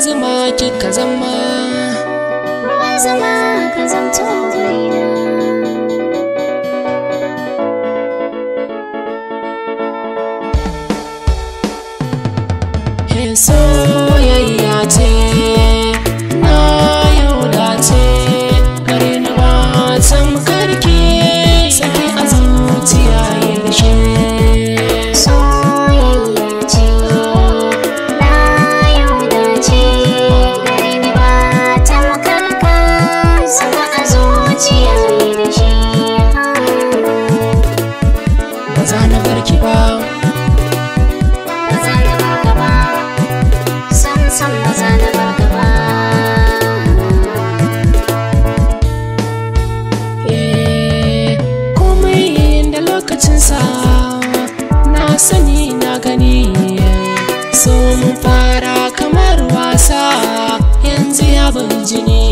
ruwan kika zama ruwan zuma ka zamto zaina son maza komai da lokacinsa na sani na gani so mun fara kamar wasa yanzu ya ban jini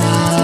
time.